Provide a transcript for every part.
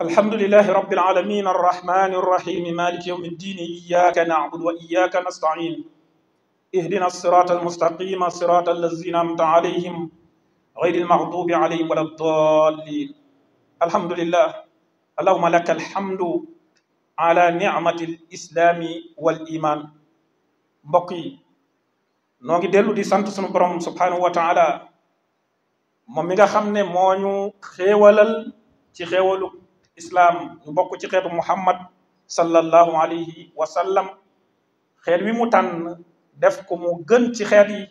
الحمد لله رب العالمين الرحمن الرحيم مالك يوم الدين إياك نعبد وإياك نستعين اهدنا الصراط المستقيم صراط الذين أنعمت عليهم غير المغضوب عليهم ولا الضالين الحمد لله اللهم لك الحمد على نعمة الإسلام والإيمان بقي نوغي ديلو دي سانت سونو بروم سبحانه وتعالى موم ميغا خامني مو نيو خيوالال ci خيوالو islam ñu bokk ci xeetu muhammad sallallahu alayhi wa sallam xeet wi mu tan def ko mu gën ci xeet yi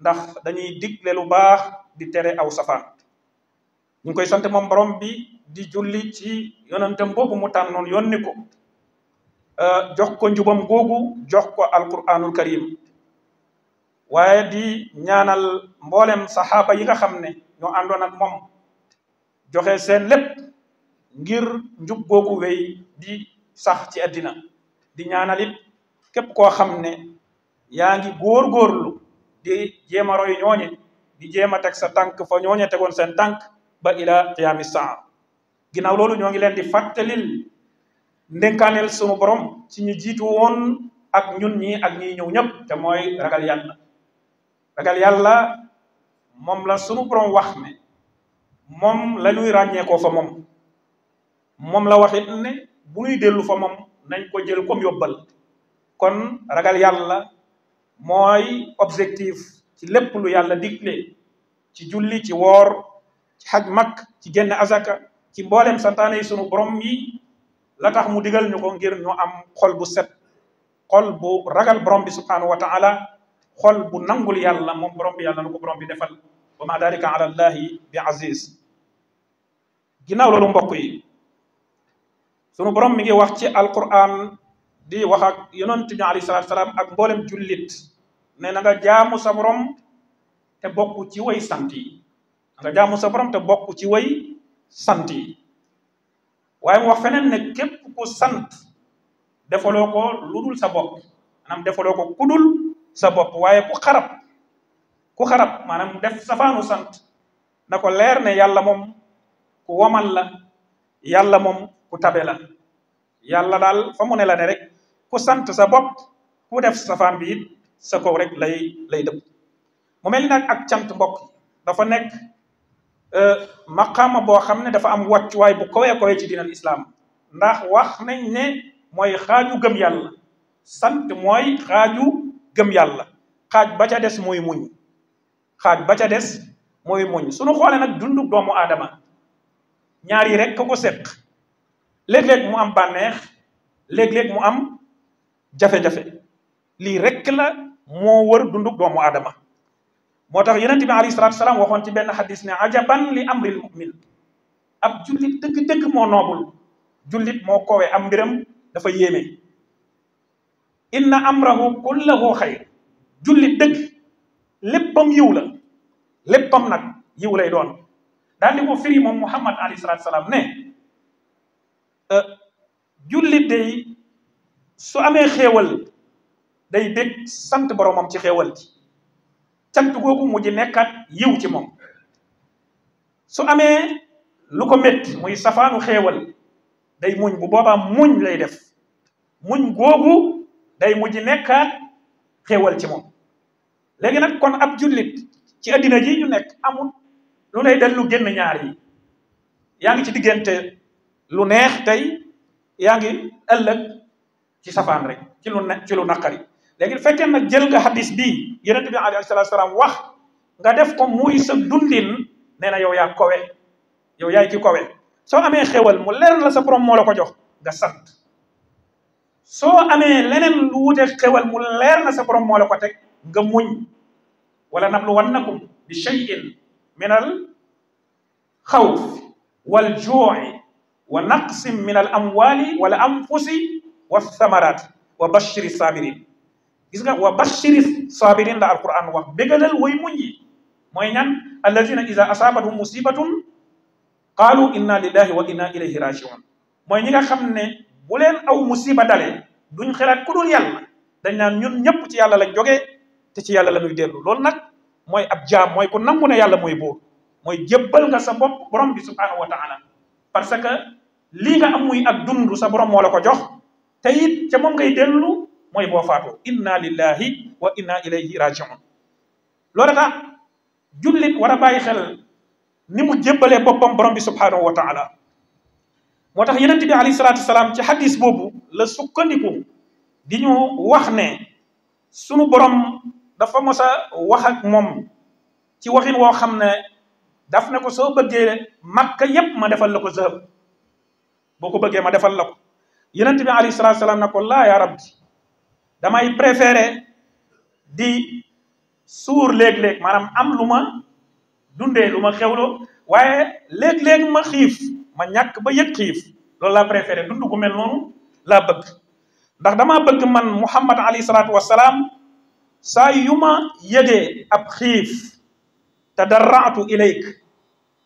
ndax dañuy digle lu baax di tere aw safaan ñu koy sant mom borom bi di julli ci yonentam bobu mu non yónni euh jox ko njubam gogu jox ko alquranul karim waye di ñaanal mboolem sahaba yi nga xamne ne ñoo ak mom joxe sen lépp ngir njub googu wey di sax ci àddina di ñaanal it képp koo xam ne yaa ngi góorgóorlu di jéem a roy ñooñe di jéem a teg sa tànk fa ñooñe tegoon seen tànk ba ila qiyaami saa ginnaaw loolu ñoo ngi leen di fàttalil ndénkaaneel sunu borom ci ñu jiitu woon ak ñun ñi ak ñiy ñëw ñëpp te mooy ragal yàlla ragal yàlla moom la sunu borom wax ne moom la ñuy ràññeekoo fa moom mom la waxit ne bu ñuy delu fa mom nañ ko jël comme yóbbal kon ragal yàlla moy objectif ci lépp lu yàlla digle ci julli ci wor ci xaj mak ci génn azaka ci mbolem santane yi sunu borom yi la tax mu digal ñuko ngir ñu am xol bu set xol bu ragal borom bi subhanahu wa taala xol bu nangul yàlla mom borom bi yàlla nako borom bi defal wa ma dalika ala allah bi aziz ginaaw lolu mbokk yi sunu borom mi ngi wax ci alquran di wax ak yonent bi alayhi salaatu salaam ak mboolem jullit ne na nga jaamu sa borom te bokk ci woy sant yi na sa borom te bokk ci way sant yi waaye mu wax feneen ne képp ku sant defaloo ko lu dul sa bopp maanaam defaloo ko ku dul sa bopp waaye ku xarab ku xarab maanaam def safaanu sant na leer ne yàlla moom ku wamal la yàlla moom ku tabe la daal fa mu ne la ne rek ku sant sa bopp ku def safaan bi it sa kaw rek lay lay dëpp mu mel nag ak cant mbokk dafa nekk euh, maqaama boo xam ne dafa am wàccuwaay bu kowee kowee ci diinal islaam ndax wax nañ ne mooy xaaju gëm yàlla sant mooy xaaju gëm yàlla xaaj ba ca des mooy muñ xaaj ba ca des mooy muñ suñu xoolee nag dundu doomu aadama ñaar yi rek ko seq léeg-léeg mu am bànneex léeg-léeg mu am jafe-jafe lii rekk la war wër dunduk doomu aadama moo tax yonent bi alayhi salaam waxoon ci benn xadis ne ajaban li amril mu'min ab jullit dëgg-dëgg moo noobul jullit moo koowee am mbiram dafa yéeme inna amrahu kullahu xayr jullit dëgg léppam yiw la nag yiw lay doon daal di ko firi Muhammad alayhi salaam ne jullit day su amee xéewal day bég sant boromam ci xéewal ji cant googu mu ji nekkaat yiw ci moom su amee lu ko metti muy safaanu xéewal day muñ bu boobaa muñ lay def muñ googu day mujj nekkaat xéewal ci moom léegi nag kon ab jullit ci addina ji ñu nekk amul lu lay dal lu génn ñaar yi yaa ngi ci diggante lu neex tey yaangi ngi ëllëg ci safaan rek ci lu ci lu naqari léegi fekkee nag jël nga hadis bi yonent bi alayhi salaatu salaam wax nga def ko muy sa dundin nee na yow yaa kowe yow yaay ki kowe soo amee xewal mu leer la sa borom moo la ko jox nga sant soo amee leneen lu wute xewal mu leer na sa borom moo la ko teg nga muñ wala nablu wannakum bi shay'in minal xawf wal juu'i ونقص من الأموال والأنفس والثمرات وبشر الصابرين إذا وبشر الصابرين لا القرآن وبقل الويمني موينان الذين إذا أصابتهم مصيبة قالوا إنا لله وإنا إليه راجعون موين يغا خمنا بولين أو مصيبة دالي دون خلال كدول يالا دانيا نيون نيب تي يالا لك جوغي تي يالا لنوي ديرو لول نك موي اب جام موي كو نامونا يالا موي بور موي جيبال nga sa bop borom bi subhanahu wa ta'ala parce que li nga am muy ak dundu sa borom mo la ko jox tayit it ca moom ngay delu moy bo faatoo inna lillahi wa inna ilayhi rajiun lo rata julit wara a xel ni mu jebale bopam borom bi subhanahu wa taala moo tax ali sallallahu alayhi wasallam ci hadith bobu le sukkandiku diñu wax ne sunu borom dafa mos wax ak mom ci waxin wo xamne ne daf ne ko so beugé makka yépp ma defal lako zeub boo ko bëggee ma defal la ko yonent bi alayhi salaatu salaam na ko laa yaa rabbi damay préféré di suur léeg-léeg maanaam am lu ma dundee lu ma xewloo waaye léeg-léeg ma xiif ma ñàkk ba yëg xiif loolu laa préféré dund gu mel noonu laa bëgg ndax damaa bëgg man muhammad alayhi salaatu salaam saa yu ma yëgee ab xiif te daraatu ilayk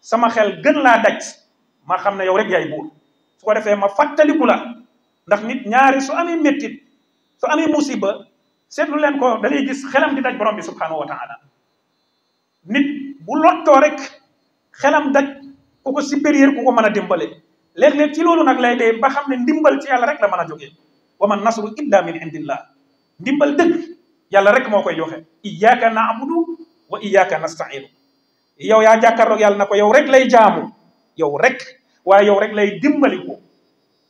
sama xel gën laa daj ma xam na yow rek yaay buur su defee ma fàttaliku la ndax nit ñaari su amee méttit su amee musiba seetlu leen ko da lay gis xelam di daj borom bi subhanahu wa taala nit bu lottoo rek xelam daj ku ko supérieur ku ko mën a dimbale léeg-léeg ci loolu nag lay de ba xam ne ndimbal ci yàlla rek la mën a jógee wa man nasru illa min indillah ndimbal dëgg yàlla rek moo koy joxe iyyaka na'budu wa iyyaka nasta'in yow yaa jàkkaarloog yàlla na ko yow rek lay jaamu yow rek waaye yow rek lay dimbali ko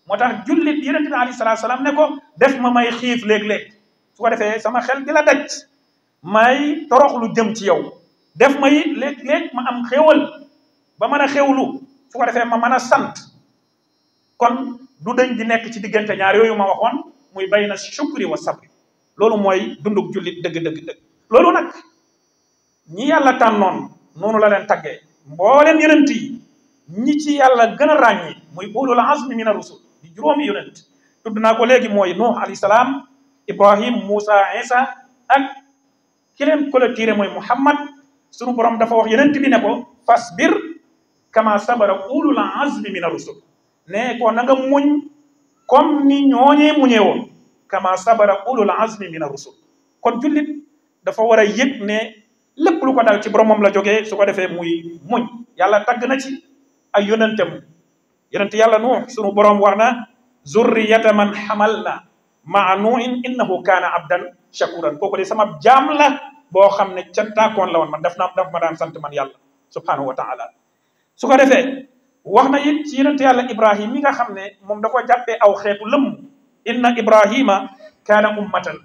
moo tax jullit yonente bi alayhi salaatu salaam ne def ma may xiif léeg-léeg su defee sama xel di la daj may torox lu jëm ci yow def may it léeg ma am xéwal ba man a xewlu su defee ma mën a sant kon du dañ di nekk ci diggante ñaar yooyu ma waxoon muy bay na shukri wa sabri loolu mooy dunduk jullit dëgg dëgg loolu nag ñi yàlla tànnoon noonu la leen taggee mbooleem yonent ñi ci yàlla gën a ràññi muy ulul azmi min ar-rusul di juróomi yonent tudd naa ko léegi mooy nuux alayhi salaam ibrahim moussa isa ak ki leen clôturé mooy muhammad sunu borom dafa wax yonent bi ne ko fasbir kama sabara ulul mi min ar-rusul ne ko na nga muñ comme ni ñooñee muñee woon kama sabara ulul azmi min ar-rusul kon jullit dafa war a yëg ne lépp lu ko dal ci borom moom la joge su ko defee muy muñ yàlla tagg na ci ay yonentam yonent yalla nuh sunu borom waxna zurriyata man hamalna, ma'nuin innahu kana abdan shakuran koko de sama jamla, la boo xam ne kon la woon man dafna daf ma dan sant man yalla subhanahu wa taala su ko defee wax ci yonent yalla ibrahim mi nga xamne mom dako jappé aw xeetu lem inna ibrahima kana ummatan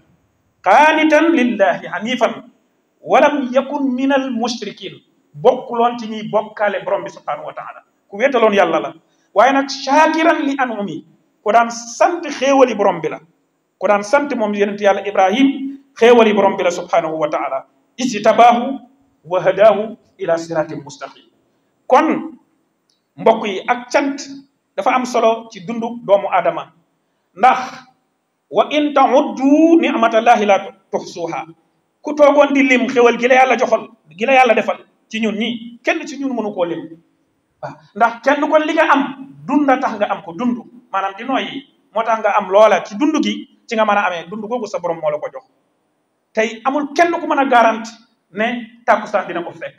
qanitan lillahi hanifan walam yakun minal al mushrikin bokulon ci ni bokale borom bi subhanahu wa taala ku wétalon yàlla la waye nak shakiran li anumi ko dan sante xewali borom bi la ko dan sante mom yonent yàlla ibrahim xewali borom bi la subhanahu wa taala ijtabaahu wa hadahu ila siratin mustaqim kon mbok yi ak tiant dafa am solo ci dundu doomu adama ndax wa in tauddu nicmatallahi la tuhsuha ku togon di lim xéwal gi la yàlla joxol gi la yàlla defal ci ñun ñi kenn ci ñun mënu ko lim waaw ndax kenn kon li nga am dund tax nga am ko dund maanaam di noyyi moo tax nga am loola ci dund gi ci nga mën a amee dund googu sa borom moo ko jox tey amul kenn ku mën a garanti ne tàkkusaan dina ko fekk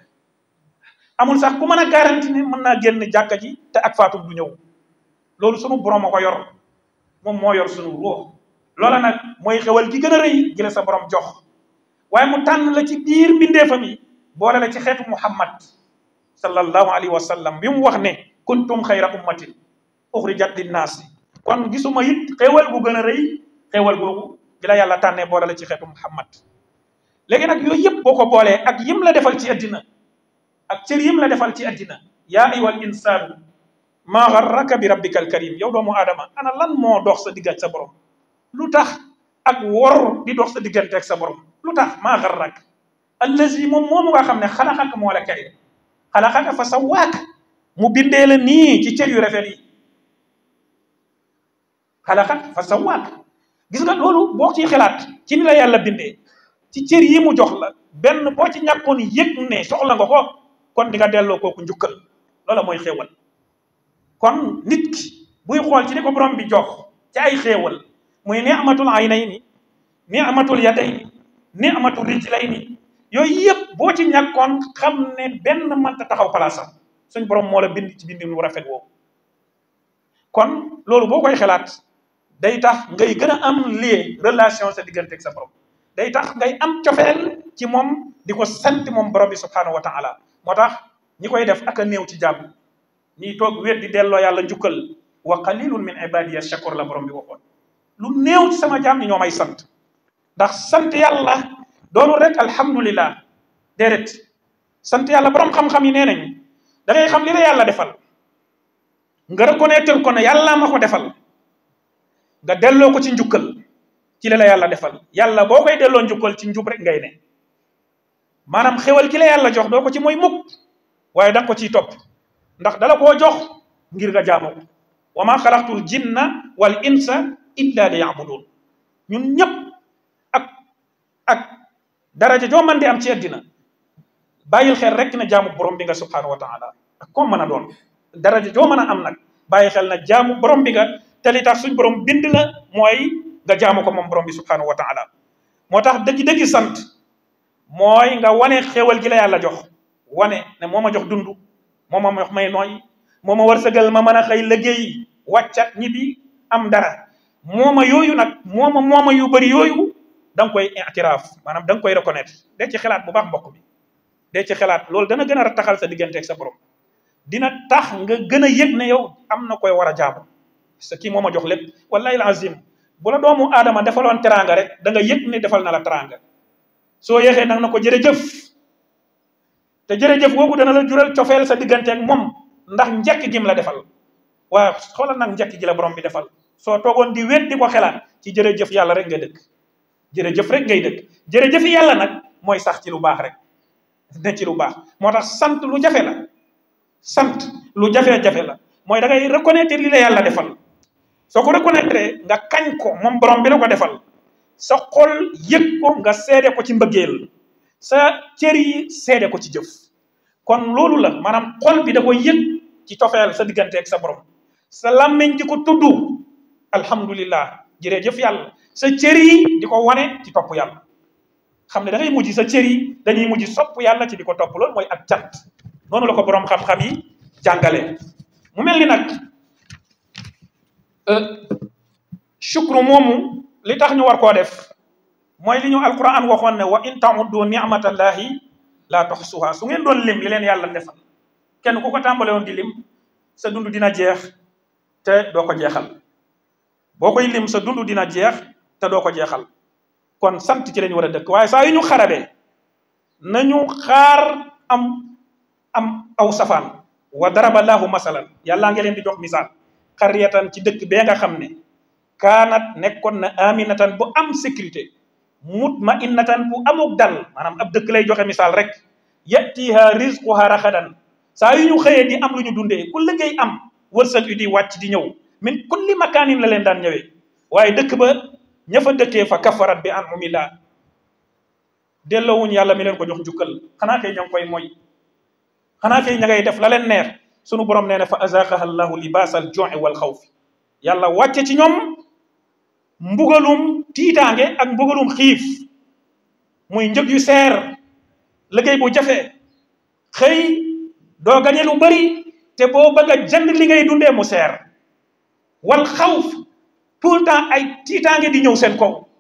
amul sax ku mën a garanti ne mën naa ne jàkka ji te ak faatum du ñëw loolu sunu borom a ko yor moom moo yor sunu ruux loola nag mooy xewal gi gën a rëy gi la sa borom jox waaye mu tànn la ci biir mbindeefam yi boole la ci xeetu Muhammad صلى الله عليه وسلم بيم وخني كنتم خير امه اخرجت للناس كون غيسوما ييت خيوال بو غنا ري خيوال بو دي يالا تاني بولا سي محمد لغي نك يوي ييب بوكو بولي اك ييم لا ديفال سي ادينا اك سير ييم لا ديفال سي ادينا يا ايها الانسان ما غرك بربك الكريم يا دومو ادم انا لان مو دوخ سا ديغات سا بروم لوتاخ اك وور دي دوخ سا ديغنتك سا بروم لوتاخ ما غرك الذي مو مو خامني خلقك مولا كريم xalaxaka fa sawaak mu bindee la nii ci cër yu rafet yi xalaxaka fa sawaak gis nga loolu boo ciy xalaat ci ni la yàlla bindee ci cër yi mu jox la benn boo ci ñàkkoon yëg ne soxla nga ko kon di nga delloo kooku njukkal loola mooy xéewal kon nit ki buy xool ci li ko borom bi jox ci ay xéewal muy ni'matul amatul ni'matul yadayni ni'matul rijlayni yooyu yépp boo ci ñàkkoon xam ne benn manta taxaw palaasam suñ borom moo la bind ci bindin wu rafet woowu kon loolu boo koy xelaat day tax ngay gën a am lien relation sa diggante sa borom day tax ngay am cofeel ci moom di ko sant moom borom bi subhaanahu wa taala moo tax ñi koy def ak a néew ci jàmm ñiy toog wéet di delloo yàlla njukkal wa qalilun min ibadiya shakur la boroom bi waxoon lu néew sama jàmm ñi ñoo may sant ndax sant yàlla doonul rek alhamdulilah déedéet sant yàlla borom xam-xam yi nee nañ da ngay xam li la yàlla defal nga reconnaître ko ne yàlla ma ko defal nga delloo ko ci njukkal ci la la yàlla defal yàlla boo koy delloo njukkal ci njub rek ngay ne maanaam xewal ki la yàlla jox doo ko ci mooy mukk waaye danga ko ciy topp ndax dala koo jox ngir nga jaamu ko wa ma xalaqtul jinna wal insa illa li yabudun ñun ñëpp ak daraja joo man di am ci àddina bàyyil xel rek na jaamu borom bi nga subhanahu wa taala ak koo mën a doon daraja joo mën a am nag bàyyi xel na jaamu borom bi nga te li tax suñ borom bind la mooy nga jaamu ko moom borom bi subhanahu wa taala moo tax dëgg-dëgg sant mooy nga wane xéwal gi la yàlla jox wane ne moo ma jox dund moo ma jox may nooy moo ma wërsëgal ma mën a xëy liggéey wàccat ñibbi am dara mooma yooyu nag mooma mooma yu bëri yooyu da koy itiraaf maanaam danga koy reconnaître dee ci xalaat bu baax mbokk bi dee ci xalaat loolu dana gën a taxal sa digganteeg sa borom dina tax nga gën a yëg ne yow am na koy war a jaamu parce que kii moo ma jox lépp wallahi alazim bu la doomu aadama defaloon teraanga da nga yëg ne defal na la teraanga soo yéexee nag na ko jërëjëf te jërëjëf boobu dana la jural cofeel sa digganteeg moom ndax njekk gim la defal waaw xoolal nag njekk gi la borom bi defal soo toogoon di wet di ko xelaat ci jërëjëf yàlla rek nga dëkk jërëjëf rek ngay dëkk jërëjëf yàlla nag mooy sax ci lu baax rek ne ci lu baax moo tax sant lu jafe la sant lu jafe-jafe la mooy da ngay reconnaître li la yàlla defal soo ko reconnaître nga kañ ko moom borom bi la ko defal sa xol yëg ko nga seede ko ci mbëggeel sa cër yi seede ko ci jëf kon loolu la maanaam xol bi da ko yëg ci cofeel sa diggante ak sa borom sa di ko tudd alhamdulillah jërëjëf yàlla sa cër yi di ko wane ci topp yam xam ne da ngay sa cër yi dañuy mujj sopp yàlla ci di ko topp loolu mooy ak cant noonu la ko borom xam yi jàngale mu mel ni nag euh, shukru moomu li tax ñu war koo def mooy li ñu alquran waxoon ne wa in ta'uddu ni'matallahi la tuhsuha su ngeen doon lim li leen yàlla defal kenn ku ko tàmbale woon di lim sa dund dina jeex te doo ko jeexal boo koy lim sa dund dina jeex te doo ko jeexal kon sant ci lañu war a dëkk waaye saa yu ñu xarabee nañu xaar am am aw safaan wa dara daraba laahu masalan yàllaa ngi leen di jox misaal xariyatan ci dëkk bee nga xam ne kaanat nekkoon na aminatan bu am sécurité mutmainatan bu amuk dal maanaam ab dëkk lay joxe misaal rek yatiha rizquha raxadan saa yu ñu xëyee di am lu ñu dundee ku liggéey am wërsëg yu di wàcc di ñëw min kulli makaanin la leen daan ñëwee waaye dëkk ba ña fa dëkkee fa kafarat bi an umillah delloowuñ yàlla mi leen ko jox njukkal xanaa kay ña ngi koy mooy xanaa kay ña def la leen neex sunu borom nee fa azaqaha llahu libaas al jui wal xawfi yàlla wàcce ci ñoom mbugalum tiitaange ak mbugalum xiif muy njëg yu seer liggéey bu jafe xëy doo gañe lu bari te boo bëgg jënd li ngay mu seer wal xawf pourtant ay tiitaange di ñëw seen ko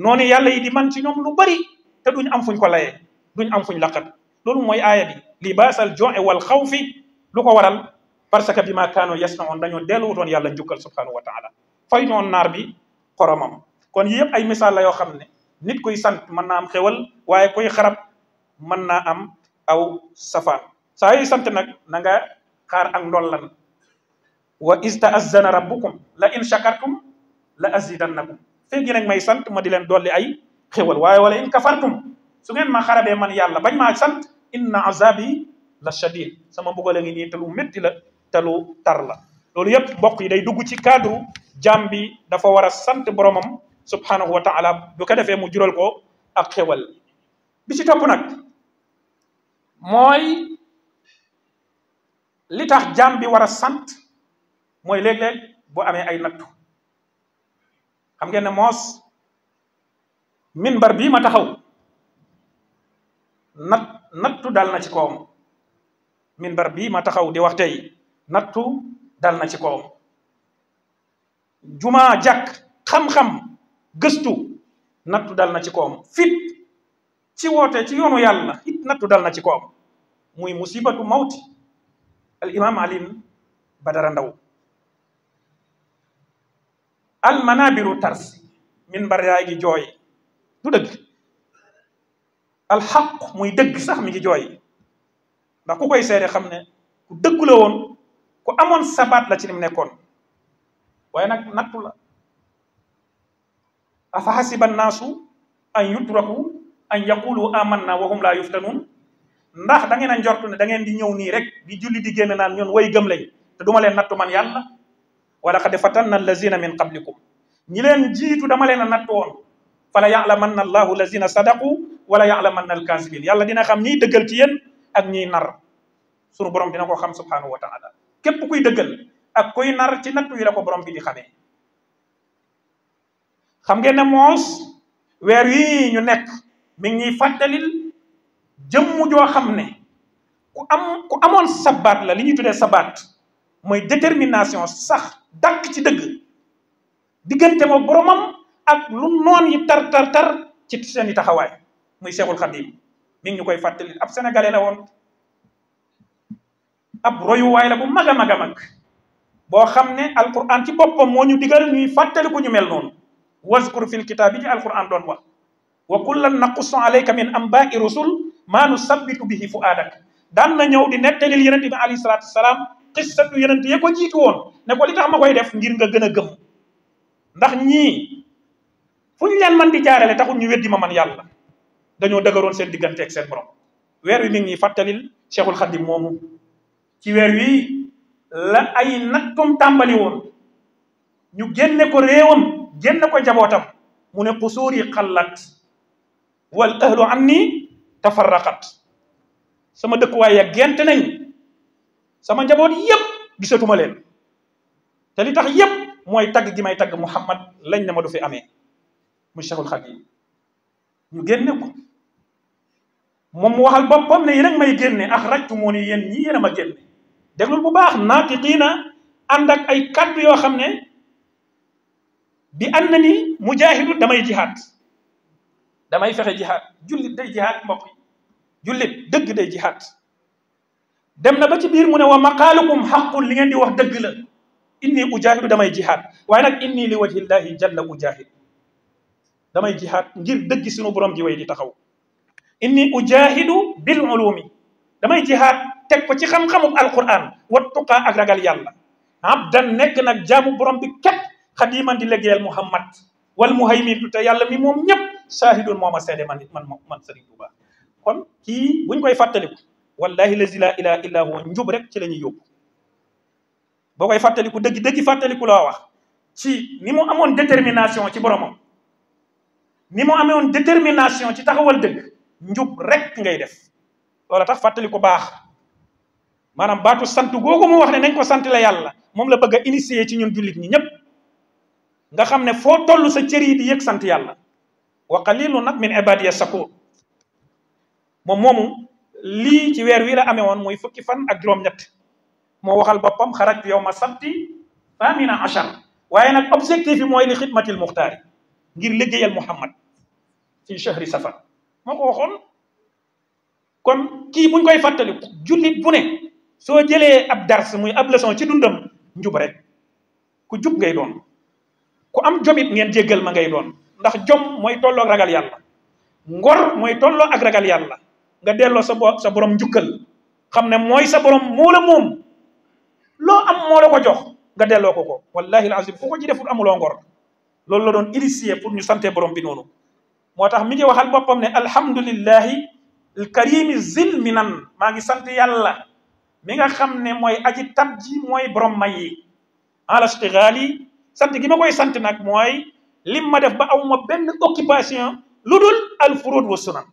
noonu yàlla yi di man ci ñoom lu bari te duñ am fuñ ko layee duñ am fuñ laqat loolu mooy aaya bi libaasal joxe wal xawfi lu ko waral parce que bi ma kaano yasnaoon dañoo delluwutoon yàlla njukkal subhanahu wa taala fay ñoon naar bi xoromam kon yii yëpp ay misaal la yoo xam ne nit koy sant mën naa am xewal waaye koy xarab mën naa am aw safa saa yuy sant nag na nga xaar ak ndollan wa ista azana rabbukum la in shakartum la azidannakum fekk gi nag may sant ma di leen dolli ay xéwal waaye wala in kafartum su ngeen ma xarabee man yàlla bañ maa sant inna azabi la shadid sama mbugale ngi nii te lu métti la te lu tar la loolu yépp bokk yi day dugg ci cadre jàmm bi dafa war a sant boromam subhanahu wa taala bu ko defee mu jural ko ak xéwal bi ci topp nag mooy li tax jàmm bi war a sant mooy léeg-léeg bu amee ay nattu xam ngeen ne moos minbar bi ma taxaw nat nattu dal na ci kawam minbar bii ma taxaw di wax tey nattu dal na ci kawam jumaa jàkk xam-xam gëstu nattu dal na ci fit ci woote ci yoonu yàlla it nattu dal na ci kawam muy musibatu mawti al imam alim badara ndaw al manabiru tarsi min mbar yaa ngi jooy du dëgg alxaq muy dëgg sax mi ngi jooy ndax ku koy seede xam ne ku dëggu la woon ku amoon sabaat la ci ni mu nekkoon waaye nag nattu la afa xasiba annaasu an yutraku an yaqulu amanna wa hum laa yuftanuun ndax da ngeen a njortu ne da ngeen di ñëw nii rek di julli di génn naan ñun way gëm lañ te duma leen nattu man yàlla wala qad fatanna allazina min qablikum ñi leen jiitu dama leen a natt woon fala yalamanna allahu allazina sadaqu wala la yalamanna alkazibin yàlla dina xam ñiy dëggal ci yéen ak ñi nar sunu borom dina ko xam subhanahu wa taala képp kuy dëggal ak koy nar ci natt wi la ko borom bi di xamee xam ngeen ne moos weer yi ñu nekk mi ngi ñuy fàttalil jëmm joo xam ne ku am ku amoon sabaat la li ñuy tuddee sabaat mooy détermination sax dàkk ci dëgg diggante moom boromam ak lu noon yi tar tar tar ci seen yi taxawaay muy Seexul Xadim mi ngi ñu koy fàttali ab sénégalais la woon ab royuwaay la bu mag a mag boo xam ne al alquran ci boppam moo ñu digal ñuy fàttali ku ñu mel noonu waskur fil kitaab yi ci alquran doon wax wa kullan naqussu alayka min ambai rusul maa nusabbitu fu fuaadak daan na ñëw di nettalil yonent bi alayhi salaatu salaam xissatu yonent ya ko jiitu woon ne ko li tax ma koy def ngir nga gën a gëm ndax ñii fu ñu leen man di jaarale taxul ñu weddi ma man yàlla dañoo dëgëroon seen diggante seen borom weer wi mi ngi fàttalil Cheikhul Khadim moomu ci weer wi la ay nattum tàmbali woon ñu génne ko réewam génne ko jabootam mu ne qusuuri xallat wal ahlu anni tafarraqat sama dëkkuwaay ya gent nañ sama njaboot yépp gisatuma leen te li tax yépp mooy tagg gi may tagg Muhammad lañ ne ma du fi amee mu Cheikhul Khadim ñu génne ko moom mu waxal boppam ne yéen a ngi may génne axrajtumuuni ah yéen ñii yéen a ma génne déglul bu baax naaqiqiina ànd ak ay kaddu yoo xam ne bi ànd na ni mujaahidu damay jihaad damay fexe jihaad jullit day jihaad mbokk jullit dëgg day jihaad dem na ba ci bir mu ne wa li ngeen di wax deug la inni ujahidu damay jihad. waye nak inni li llahi jalla ujahid damay jihad. ngir dëgg sunu borom ji way di taxaw inni ujahidu bil ulumi damay jihad. tek ko ci xam Quran. alquran tuqa ak ragal yalla abdan nek nak jamu borom bi kep khadiman di legel muhammad wal muhaymin ta yalla mi mom ñep saahidun moma sede man man man serigne touba kon ki buñ koy ko wallahi lazi la ilaha illa huwa njub rek ci la ñuy yóbbu boo koy fàttaliku dëgg dëgg fàttaliku laa wax ci ni mu amoon détermination ci boromam ni mu amoon détermination ci taxawal dëgg njub rek ngay def loola tax fàttali ko baax maanaam baatu sant googu mu wax ne nañ ko sant la yàlla moom la bëgg a ci ñun jullit ñi ñépp nga xam ne foo toll sa cër yi di yëg sant yàlla wa qalilun nag min ibadiya shakur moom moomu lii ci weer wii la amee woon muy fukki fan ak juróom-ñett moo waxal boppam xaraj yow sabti famina achar waaye nag objectif bi li xidmatil muxtaari ngir liggéeyal muhammad fi chahri safar moo ko waxoon kon kii buñ koy fàttali jullit bu ne soo jëlee ab dars muy ab leçon ci dundam njub rek ku jub ngay doon ku am jomit ngeen jéggal ma ngay doon ndax jom mooy tolloo ragal ngor mooy tolloo ak ragal yàlla nga delloo sa bo sa borom njukkal xam ne mooy sa borom moo la moom loo am moo la ko jox nga delloo ko ko wallahi alazim ku ko ci deful amuloo ngor loolu la doon initié pour ñu sante borom bi noonu moo tax mi ngi waxal boppam ne alhamdulillahi alkarimi zil minan maa ngi sant yàlla mi nga xam ne mooy aji tab ji mooy borom may yi alastigali sant gi ma koy sant nag mooy lim ma def ba awma benn occupation lu dul alfurud wa sunan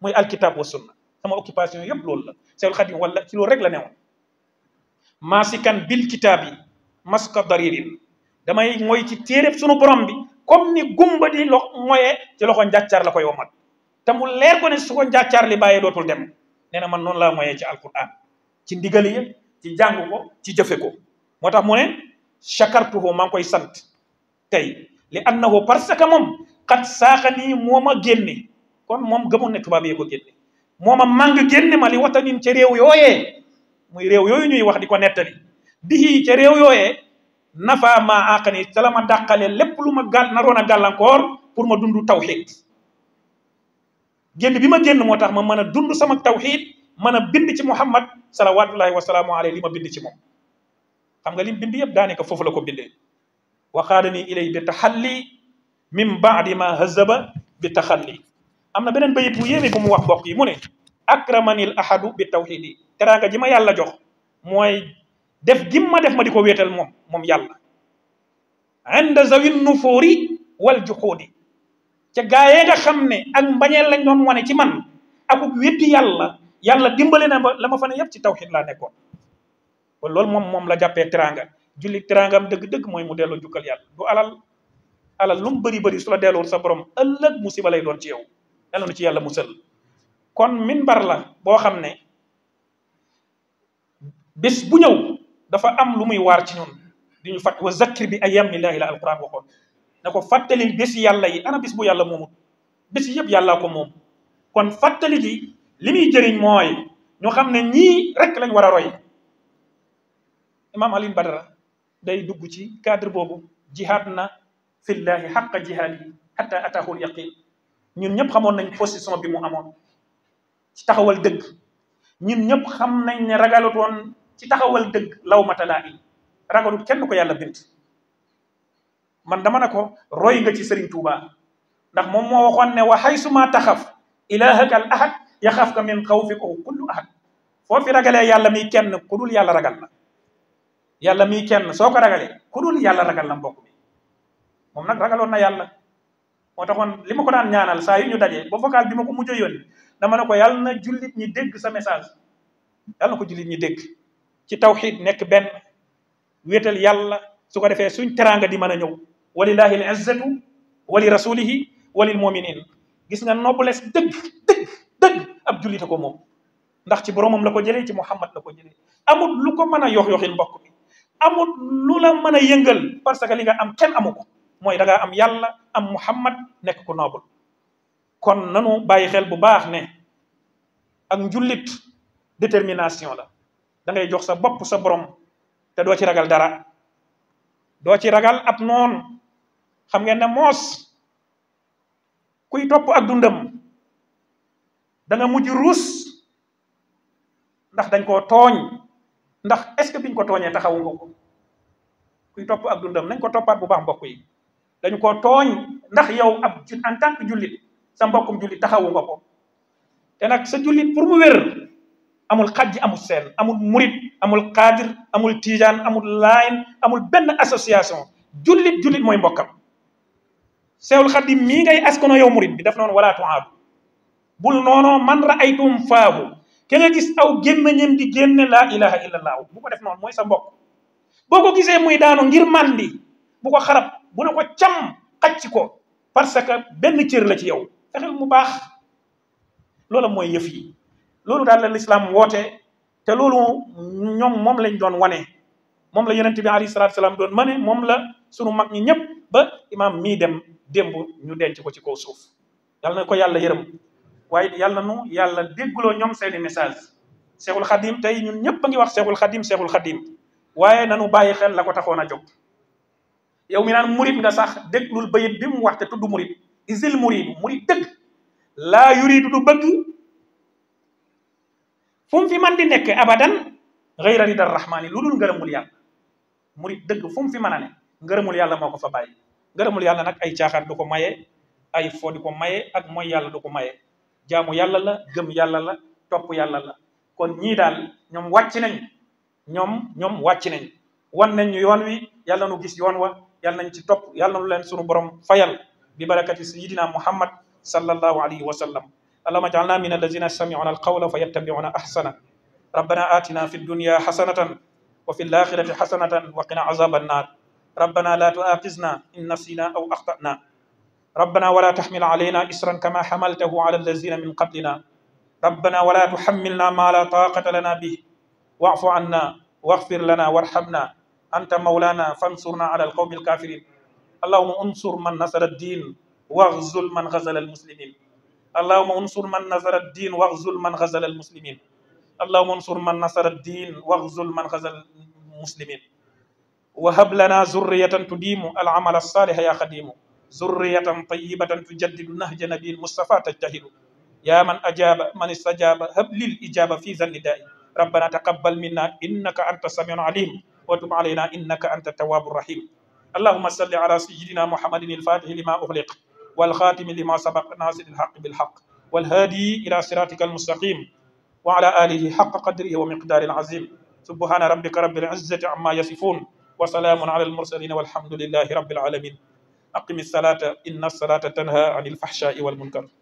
mooy alkitab wa sunna sama occupation yëpp loolu la Seexul Xadim wala ci loolu rek la newoon maasikan bil kitaab yi maska daririn damay mooy ci téereb sunu borom bi comme ni gumba di lo moyee ci loxo njàccaar la koy womat mat mu leer ko suko su li bàyyee dootul dem nee man noonu laa moyee ci alquran ci ndigal yi ci jàng ko ci jëfe ko moo tax mu ne chakartuhu maa ngi koy sant tey li annahu parce que moom xat saaxa nii moo a génne kon moom gëmoon ne tubaab yee ko génne mooma màng génne ma li watanin ca réew yooyee muy réew yooyu ñuy wax di ko nettali bihi ca réew yooye nafa ma aqani ca la ma dàqale lépp lu ma gàll naroon a gàllankoor pour ma dund tawxid génn bi ma génn moo tax ma mën a dund sama tawxid mën a bind ci muhammad salawatullahi wasalaamu alayhi li ma bind ci moom xam nga lim bind yëpp daanaka foofu la ko bindee waxaadani ilay bi taxalli min baadi ma hazaba am na beneen bayit bu yéeme bu mu wax mbokk yi mu ne akramanil ahadu bi tawhidi teraanga ji ma yàlla jox mooy def gim def ma di ko wéetal moom moom yàlla inda zawin nufuuri wal juxuudi ca gaayee nga xam ne ak mbañeel lañ doon wane ci man akub weddi yàlla yàlla dimbale na ba la ma fa ne yëpp ci tawhid laa nekkoon kon loolu moom moom la jàppee teraanga julli teraangam dëgg-dëgg mooy mu delloo jukkal yàlla du alal alal lu bari bëri bëri su la dellool sa borom ëllëg musiba lay doon ci yow yàlla nu ci yàlla mussel kon minbar la bo xamne ne bés bu ñëw dafa am lu muy war ci ñun diñu fat wa zakir bi ayamillahi la alquran waxoon ne ko fàttali bési yàlla yi ana bis bu yàlla moomut bési yeb yalla ko mom kon fatali gi limi jëriñ moy ñu xamne ñi rek lañ wara roy imam ali Badara day dugg ci cadre bobu jihaad na fillahi haqq jihadi hatta atahu ataahu yaqin ñun ñëpp xamoon nañ position bi mu amoon ci taxawal dëgg ñun ñëpp xam nañ ne woon ci taxawal dëgg law matalaa yi ragalut kenn ko yàlla bind man dama ne ko roy nga ci sëriñ Touba ndax moom moo waxoon ne wa haysuma taxaf ilahaka al ahad yaxafka min xawfikahu kullu ahad foo fi ragalee yàlla miy kenn ku dul yàlla ragal na yàlla miy kenn soo ko ragalee ku dul yàlla ragal na mbokk bi moom nag ragaloon na yàlla moo taxoon li ko daan ñaanal sa yu ñu dajé bo vocal bima ko mujjoy yoni dama ne ko na julit ñi dégg sa message yalla na ko jullit ñi dégg ci tawhid nek ben wétal yalla su ko défé suñ teranga di mëna ñew walillahi al wali rasulihi walil muminin gis nga noblesse dëgg dëgg dëgg ab jullite ko mom ndax ci boromam la ko jëlé ci muhammad la ko jëlé amut lu ko mëna yox yoxin mbokk bi amut lu la yëngal parce que li nga am kenn amuko moy da nga am yalla am muhammad nek ko noble kon nanu bayi xel bu baax ne ak njulit determination la da ngay jox sa bop sa borom te do ci ragal dara do ci ragal ab non xam ngeen ne mos kuy top ak dundam da nga mujj ruus ndax dañ ko togn ndax est-ce que biñ ko togné taxawu ko kuy top ak dundam nañ ko topat bu baax mbokk dañ ko togn ndax yow ab jul en tant que julit sa mbokum julit taxawu nga ko te nak sa julit pour mu wér amul xajj amul sel amul mourid amul qadir amul tijaan amul laayin amul ben association julit julit moy mbokam sewul xaddim mi ngay askono yow mourid bi daf non wala tuaadu bul nono man raaytum faabu ke nga gis aw gémmañam di genn la ilaha illallah bu ko def non moy sa mbok boko ko gisee muy daanu ngir mandi bu ko xarab bu ne ko cam xacc ko parce que benn cër la ci yow fexeel mu baax loola mooy yëf yi loolu daal la lislaam woote te loolu ñoom moom lañ doon wane moom la yonent bi alayhi salaatu salaam doon ma ne moom la sunu mag ñi ñëpp ba imaam mii dem démb ñu denc ko ci kaw suuf yal na ko yàlla yërëm waaye yal na nu yàlla déggloo ñoom seeni message Cheikhul Khadim tey ñun ñëpp a ngi wax Cheikhul Khadim Cheikhul Khadim waaye nanu bàyyi xel la ko taxoon a jóg yow mi nan murid nga sax déglul bayit bi wax te tuddu murid izil murid murid dëgg la yuridu du bëgg fum fi man di nek abadan ghayra ridar rahmaani lu ngeeramul yalla yàlla murid dëgg fu fi manane ngeeramul yalla moko fa baye ngeeramul yalla nak ay tiaxat du ko maye ay fo di ko maye ak moy yalla du ko maye jaamu yalla la gem yalla la top yalla la kon ñi dal ñom wacc nañ ñom ñom wacc nañ wan nañ ñu yoon wi yalla nu gis yoon wa يالنا nañ توب topp نول لين سونو بروم فايال fayal bi barakati sayidina muhammad sallallahu alayhi اللهم اجعلنا من الذين سمعنا القول فيتبعون احسنه ربنا آتنا في الدنيا حسنة وفي الآخرة حسنة وقنا عذاب النار ربنا لا تؤاخذنا إن نسينا أو أخطأنا ربنا ولا تحمل علينا إسرا كما حملته على الذين من قبلنا ربنا ولا تحملنا ما لا طاقة لنا به واعف عنا واغفر لنا وارحمنا أنت مولانا فانصرنا على القوم الكافرين اللهم انصر من نصر الدين واغزل من غزل المسلمين اللهم انصر من نصر الدين واغزل من غزل المسلمين اللهم انصر من نصر الدين واغزل من غزل المسلمين وهب لنا ذرية تديم العمل الصالح يا خديم ذرية طيبة تجدد نهج نبي المصطفى تجتهد يا من أجاب من استجاب هب للإجابة في ذا النداء ربنا تقبل منا إنك أنت السميع العليم وتب علينا إنك أنت التواب الرحيم اللهم صل على سيدنا محمد الفاتح لما أغلق والخاتم لما سبق ناصر الحق بالحق والهادي إلى صراطك المستقيم وعلى آله حق قدره ومقدار العظيم سبحان ربك رب العزة عما يصفون وسلام على المرسلين والحمد لله رب العالمين أقم الصلاة إن الصلاة تنهى عن الفحشاء والمنكر